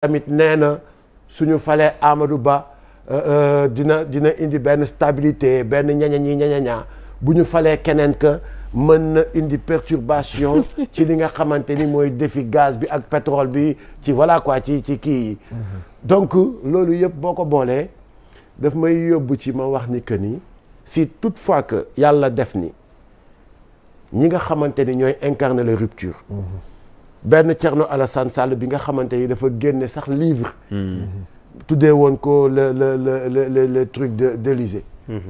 tamit nee na suñu falee Amadou Ba euh, euh, dina dina indi benn stabilité benn ñañañi ñañañaa bu ñu falee keneen que mën na indi perturbation ci li nga xamante ni mooy défi gaz bi ak pétrole bi ci voilà quoi ci ci kii yi mhm. donc loolu yëpp boo ko boolee daf may yóbbu ci ma wax ni que ni si toutefois que yàlla def ni ñi nga xamante ni ñooy incarner la rupture mhm. benn Thierno Alassane Sall bi nga xamante ni dafa génne sax livre. Mm-hmm. tuddee woon ko le le le le le truc de de mm-hmm.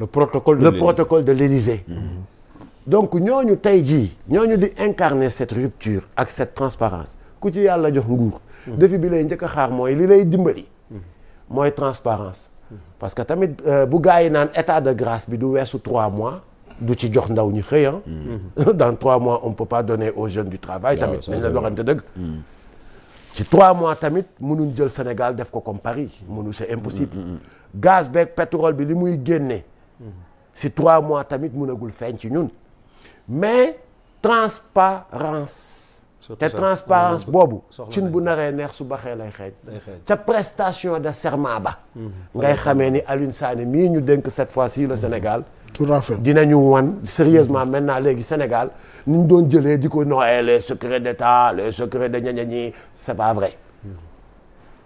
le protocole de le protocole de l'Élysée. Mm-hmm. donc ñooñu tey jii ñooñu di incarner cette rupture ak cette transparence ku ci yàlla jox nguur. défi bi lay njëkk a xaar mooy li lay dimbali. mooy transparence parce que tamit euh, bu gars yi naan état de grâce bi du weesu trois mois. du ci jox ndaw ñi xëy mm. dans trois mois on peut pas donner aux jeunes du travail tamit nañ a waxante dëgg mm. ci trois mois tamit mënuñ jël Sénégal def ko comme Paris mënu c'est impossible mm, gaz beeg pétrole bi li muy génne si trois mois tamit munagul feeñ ci ñun mais transparence te transparence boobu cin bu naree neex su baxee lay xeeñ ca prestation de serment ba mm-hmm. ngay xamee ni Alioune Sané mii ñu dénk cette fois-ci le mm-hmm. Sénégal tout à fait dinañu wan sérieusement maintenant léegi Sénégal ni ñu doon jëlee di ko noyé eh, les secrets d'État les secrets de ñaña ñi c'est pas vrai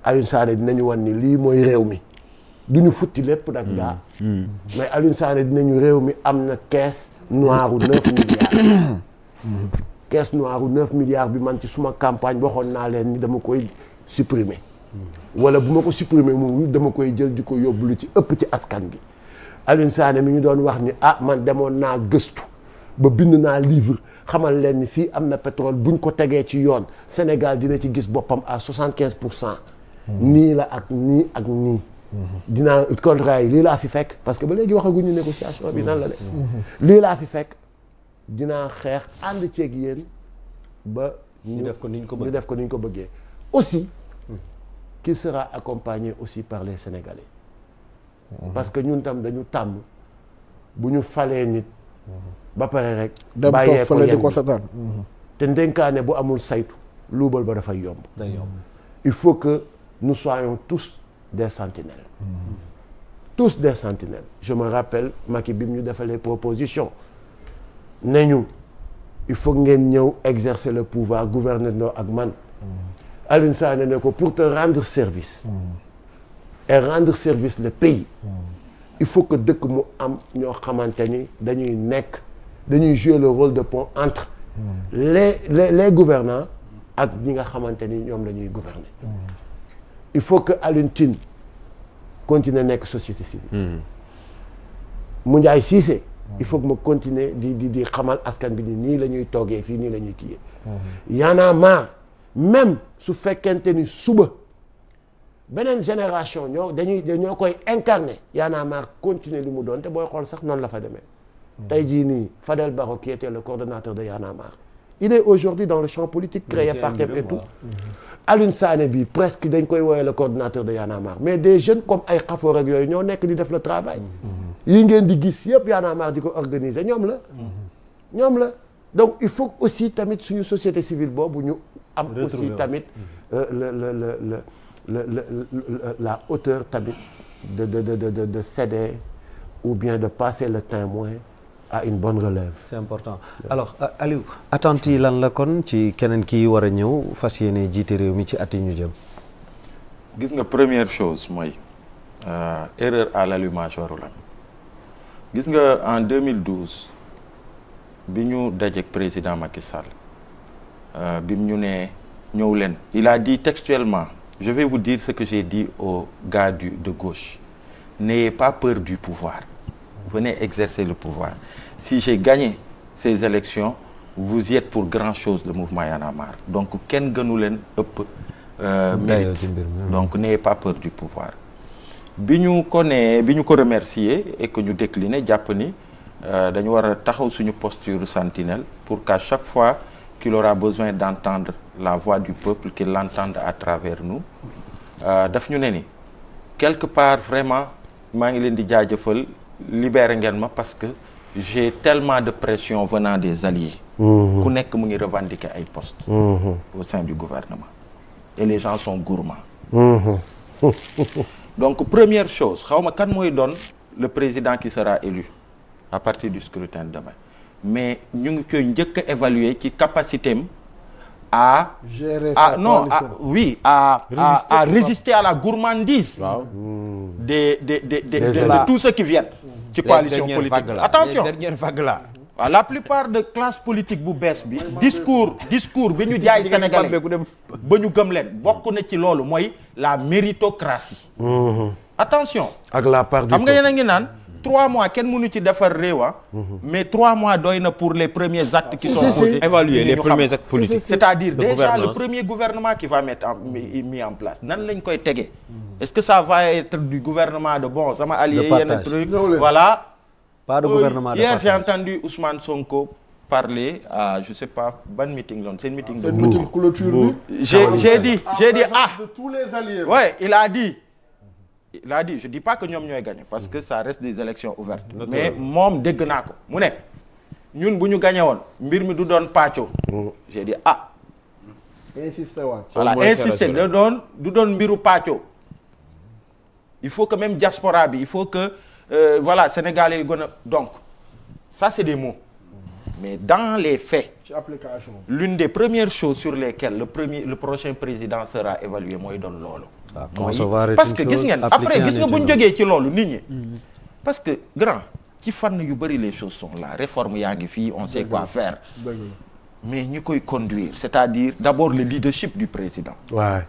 Alioune Sané dinañu wan ni lii mooy réew mi du ñu futti lépp nag gaa mm. mm. mais Alioune Sané dinañu réew mi am na caisse noire u neuf milliards mm. caisse noire u neuf milliards bi man ci suma campagne waxoon naa leen ni dama koy supprimer wala bu ma ko supprimer moom dama koy jël di ko yóbbu lu ci ëpp ci askan bi Alioune Sané mi ñu doon wax ni ah man demoon naa gëstu ba bind naa livre xamal leen ni fii am na pétrole buñ ko tegee ci yoon Sénégal dina ci gis boppam à 75 pour cent. nii la ak nii ak nii. dinaa contrat yi lii laa fi fekk parce que ba léegi waxaguñu négociation bi nan la de. lii laa fi fekk dinaa xeex ànd ceeg yéen ba. ñu def ko ni ñu ko bëggee ñu def ko bëggee aussi. qui sera accompagné aussi par les Sénégalais. Mhm. parce que ñun tam dañu tàmm bu ñu falee nit. Mhm. ba pare rek. bàyyee ko di ko mhm. te ndenkaane bu amul saytu luubal ba dafay yomb. day il faut que nous soyons tous des sentinelles. tous des sentinelles je me rappelle Macky bi mu ñu defalee proposition nañu il faut ngeen ñëw exercer le pouvoir gouverner ak man. Alioune Sane ne ko pour te rendre service. et rendre service le pays mm. il faut que dëkk mu am ñoo xamante ni dañuy nekk dañuy jouer le rôle de pont entre mm. les les gouvernant ak ñi nga xamante ni ñoom lañuy ñuy gouverner mm. il faut que Alioune Tine continuer nekk société mu Moundiaye Cissé il faut que ma continuer di di di xamal askan bi ni nii la ñuy toogee fii nii la ñuy kiyee Y su fekkente ni suba beneen génération ñoo dañuy dañoo koy incarné Y'en a marre continuer li mu doon te booy xool sax noonu la fa demee hmm. tey jii nii Fadel Barro qui était le coordonnateur de Y'en a marre il est aujourd'hui dans le champ politique créé par Pastef et tout Alioune Sané bi presque dañ koy woowee le coordonnateur de Y'en mais des jeunes comme ay xafoor ak yooyu ñoo nekk di def le travail hmm. Hmm. yi ngeen di gis yëpp Y'en di ko organiser ñoom la ñoom la donc il faut aussi tamit suñu société civile boobu ñu am aussi tamit euh, le le le, le, le la hauteur tamit de de de de de céder ou bien de passer le témoin à une bonne relève. c'est important alors Aliou. attentes yi lan la kon ci keneen kii war a ñëw fas yéene jiite réew mi ci at yi ñu jëm. gis nga première chose mooy euh, erreur à l'allumage warul am gis nga en 2012 bi ñu dajeek président Macky Sall euh, bi mu ñu ne ñëw leen. il a dit textuellement. je vais vous dire ce que j'ai dit aux gars du, de gauche. N'ayez pas peur du pouvoir. Venez exercer le pouvoir. Si j'ai gagné ces élections, vous êtes pour grand chose le mouvement Y'en Donc, kenn gënu leen ëpp euh, mérite. Donc, n'ayez pas peur du pouvoir. bi ñu ko nee bi ñu ko remercier et que ñu décliner jàpp ni euh, dañu war a taxaw suñu posture sentinelle pour qu'à chaque fois qu'il aura besoin d'entendre la voix du peuple qu'il l'entende à travers nous euh, daf ñu ne ni quelque part vraiment maa ngi leen di jaajëfal libéré ngeen ma parce que j'ai tellement de pression venant des alliés mm-hmm. ku nekk mu ngi revendiquer ay post mm-hmm. au sein du gouvernement et les gens sont gourmands mm-hmm. donc première chose xaw ma kan mooy donn le président qui sera élu à partir du scrutin de demain mais ñu ngi koy njëkk a évaluer ci capacité a à. gérer sa non à oui à résister à la gourmandise. waaw des de tout ce qui vient. ci coalition politique attention les dernières vagues là. waaw la plupart de classe politique bu bees bi. discours discours bi ñu jaay sénégalais ba ñu gëm leen bokk na ci loolu mooy la méritocratie. Mm-hmm. attention. ak la part du xam nga yéen a ngi naan. trois mois kenn mënu ci defar réewa ah. mhm. mais trois mois doy na pour les premiers actes qui sont posés évaluer les premiers actes politiques c'est-à-dire déjà le premier gouvernement qui va mettre mis en place nan lañ koy tegee mhm. est-ce que ça va être du gouvernement de bon sama allié yenn truc voilà pas de euh, gouvernement hier j'ai entendu Ousmane Sonko parler à je sais pas ban meeting loon seen meeting de clôture j'ai j'ai dit ah les alliés ouais il a dit il a dit je dis pas que ñoom ñooy gagné parce que ça reste des élections ouvertes mais moom dégg naa ko mu ne ñun bu ñu gagné woon mbir mi du doon pàccoo mm. j'ai dit ah insister waat doon du doon mbiru pàccoo il faut que même diaspora bi il faut que euh, voilà sénégalais yi gën a donc ça c'est des mots mais dans les faits ci application l'une des premières choses sur lesquelles le premier le prochain président sera évalué mooy doon loolu Ah, mooy parce que gis ngeen après gis nga bu ñu ci loolu nit ñi. Mm-hmm. parce que grand ci fànn yu bëri les choses sont la réforme yaa ngi fii on sait quoi faire. mais ñi koy conduire c'est-à-dire d'abord le leadership du président. waaw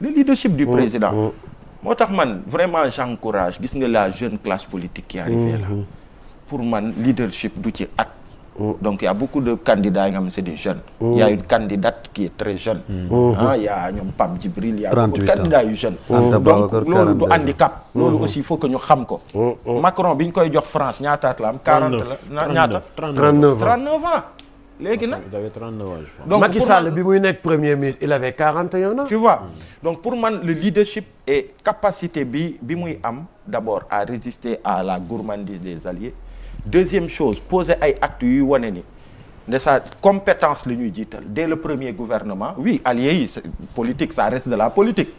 le leadership du oh, président. Oh. moo tax man vraiment j'encourage gis nga la jeune classe politique qui arrive là. Mm-hmm. pour man leadership du ci at. donc y' a beaucoup de candidats yi nga xam ne c' est des jeunes. y' a une candidate qui est très jeune. Mmh. ah y' a ñoom Pape yu jeunes. donc loolu du handicap. loolu aussi faut que ñu xam ko. Macron bi ñu koy jox France ñaataat la am. 40 la ñaata 39 39 ans. léegi nag il avait donc Macky bi muy nekk premier ministre il avait 41 ans. tu vois donc pour man le leadership et capacité bi bi muy am d' abord à résister à la gourmandise des alliés. deuxième chose poser ay actes yuy wane ni ne sa compétence la ñuy jiital dès le premier gouvernement wii alliés yi politique ça reste de la politique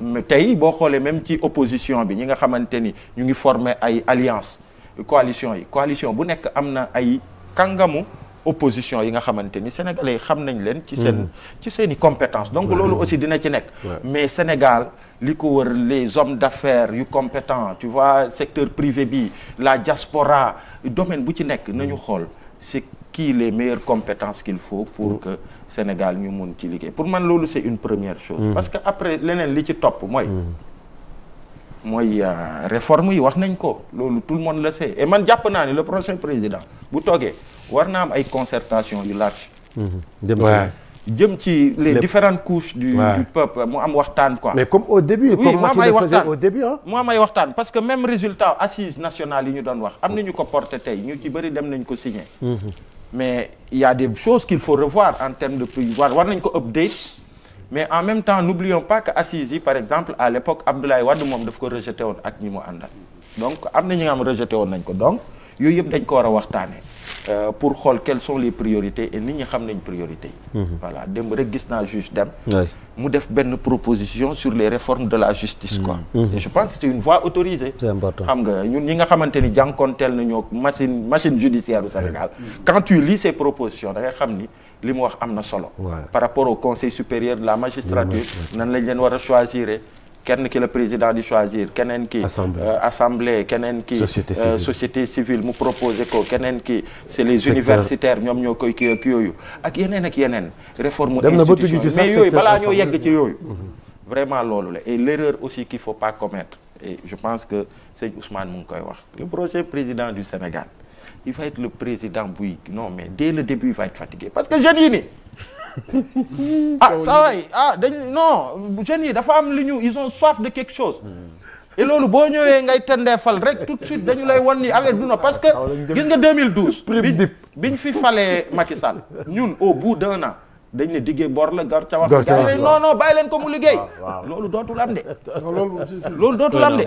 mais tey boo xoolee même ci opposition bi ñi nga xamante ni ñu ngi former ay alliance coalition yi coalition bu nekk am na ay kàngamu opposition yi nga xamante ni sénégalais yi xam nañ leen ci seen hmm. ci seen i compétence donc loolu aussi dina ci nekk mais Sénégal li ko wër les hommes d'affaires yu compétents tu vois secteur privé bi la diaspora domaine bu ci nekk nañu xool c'est qui les meilleures compétences qu'il faut pour mm. que Sénégal ñu mun ci liggéey pour man loolu c'est une première chose mm. parce que après leneen li ci topp mooy mm. mooy euh, réforme yi wax nañ ko loolu tout le monde la sait et man jàpp naa ni le prochain président bu toogee war naa am ay concertation yu large mm-hmm. jëm ci les différentes couches du peuple mu am waxtaan quoi. mais comme au début. oui mu am ay waxtaan parce que même résultat assise national yi ñu doon wax am na ñu ko porté tey ñu ci bëri dem nañ ko signé. Mhm. mais il y a des choses qu'il faut revoir en termes de prix war war nañ ko update. mais en même temps n'oublions pas que assises yi par exemple à l'époque Abdoulaye Wade moom daf ko rejeté woon ak ñi mu àndal donc am na ñi nga xam rejeté woon nañ ko donc yooyu yëpp dañ ko war a waxtaanee. Euh, pour xool quelles sont les priorités et nit ñi xam nañ priorité yi mhm. voilà démb rek gis naa juge dem mu def benn proposition sur les réformes de la justice quoi mhm. Mhm. et je pense que c'est une voie autorisée c'est xam nga ñun ñi nga xamante ni jànkoonteel nañoo machine machine judiciaire au Sénégal mm. quand tu lis ces propositions da xam ni li mu wax am na solo par rapport au conseil supérieur de la magistrature na lañ leen war a choisir kenn ki la président di choisir keneen ki assemblée euh, keneen ki euh, société civile mu proposé ko keneen ki c'est les universitaires ñoom ñoo koy kii ak yooyu ak yeneen ak yeneen réforme institution mais yooyu balaa ñoo yegg ci yooyu vraiment loolu la et l'erreur aussi qu'il faut pas commettre et je pense que sëñ Ousmane mu ngi koy wax le prochain président du Sénégal il va être le président buy non mais dès le début il va être fatigué parce que jeunes yi nii ah saa waay ah dañ non jeunes yi dafa am li ñu ils ont soif de quelque chose. et loolu boo ñëwee ngay tendeefal rek tout de suite dañu lay wan ni affaire duna parce que gis nga 2012. bi biñ fi falee Macky ñun au bout d'un an. dañ ne diggee bor la gar ca wax non bàyyi leen ko mu liggéey. loolu dootul am de. loolu dootul am de.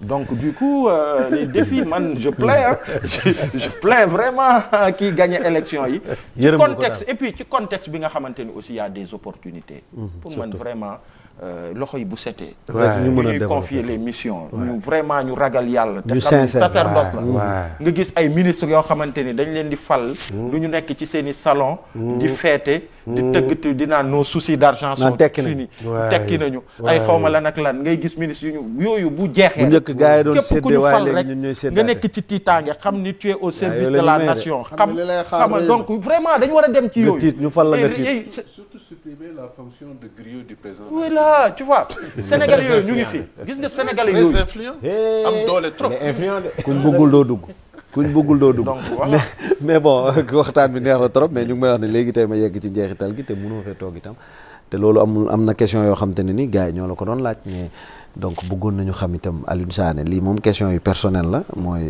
donc du coup euh, les défis man je plais je, je plais vraiment kii gagné élection yi ci contexte et puis ci contexte bi nga xamante ni aussi y a des opportunités mmh, pour man vraiment Euh, loxo yi bu setee. ñu mën a ñuy confier les missions. ñu vraiment ñu ragal yàlla. te xam sacerdoce la. nga gis ay ministres yoo xamante ni dañ leen di fal. Mm. du ñu nekk ci seen i salon. Mm. di feete di mm. tëggatu di naan nos soucis d'argent sont finis. tekki nañu ay xawma la ak lan ngay gis ministres yu ñu yooyu bu jeexee. bu njëkk gars yi doon séddee waaye léegi ñun ñooy séddaate nga nekk ci tiitaange xam ni tu es au service de la nation. xam xam donc vraiment dañu war a dem ci yooyu. ñu tiit fal la nga eh, tiit eh, eh, surtout supprimer la voilà tu vois sénégalais yooyu ñu ngi fi gis nga sénégalais yooyu. très am doole trop. kuñ bëggul doo dugg. kuñ bëggul doo dugg. mais mais bon waxtaan bi neex la trop mais ñu ngi may wax ne léegi tey ma yegg ci njeexital gi te mënoo fee toog itam te loolu amul am na question yoo xam te ne ni gars yi ñoo la ko doon laaj mais donc bëggoon nañu xam itam Alioune lii moom question yu personnel la mooy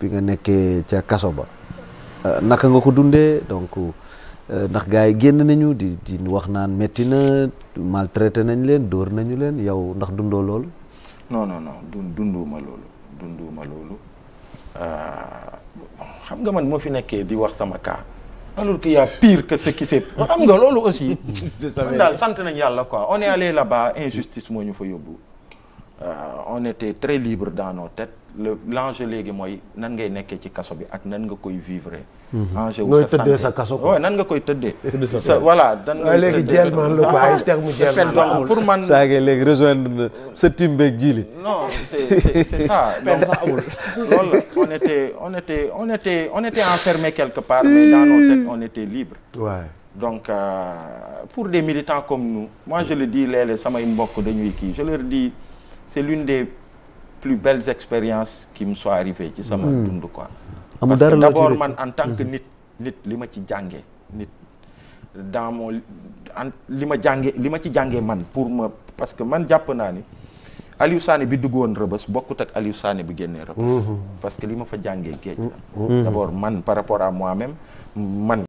bi nga nekkee ca kaso ba euh, naka nga ko dundee donc. Euh, ndax gars yi génn nañu di di wax naan métti na maltraité nañ leen dóor nañu leen yow ndax dundoo loolu. non non non dun dunduuma loolu dunduuma euh, xam nga man moo fi nekkee di wax sama kaa alors qu'il y a pire que ce qui xam nga loolu aussi. man daal sant nañ yàlla quoi one est la là-bas injustice moo ñu fa yóbbu. Euh, on était très libre dans nos têtes le léegi mooy nan ngay nekkee ci kaso bi ak nan nga koy vivre. Mhm. enjeu wu sa santé sa kaso ko. nan koy tëddee. sa voilà dan léegi jël man la quoi ay termes jël man pour man saa ngay léegi rejoindre na jiili. non c'est c'est ça. donc loolu on était on était on était enfermé quelque part mais dans nos têtes libre. waay donc euh, pour des militants comme nous moi je le dis léeg samay mbokk dañuy kii c'est l'une de plus belles expériences qui me soit arrivée ci sama hmm. dund quoi parce que d'abord man en tant que hmm. nit nit li ma ci jàngee nit dans mon en li ma jànge li ma ci jàngee man pour ma parce que man jàpp naa ni Aliou Sané bi duggoon rëbës bokkut ak Aliou Sané bi génnee rëbës hmm. parce que li ma fa jàngee géej la man par rapport à moi-même man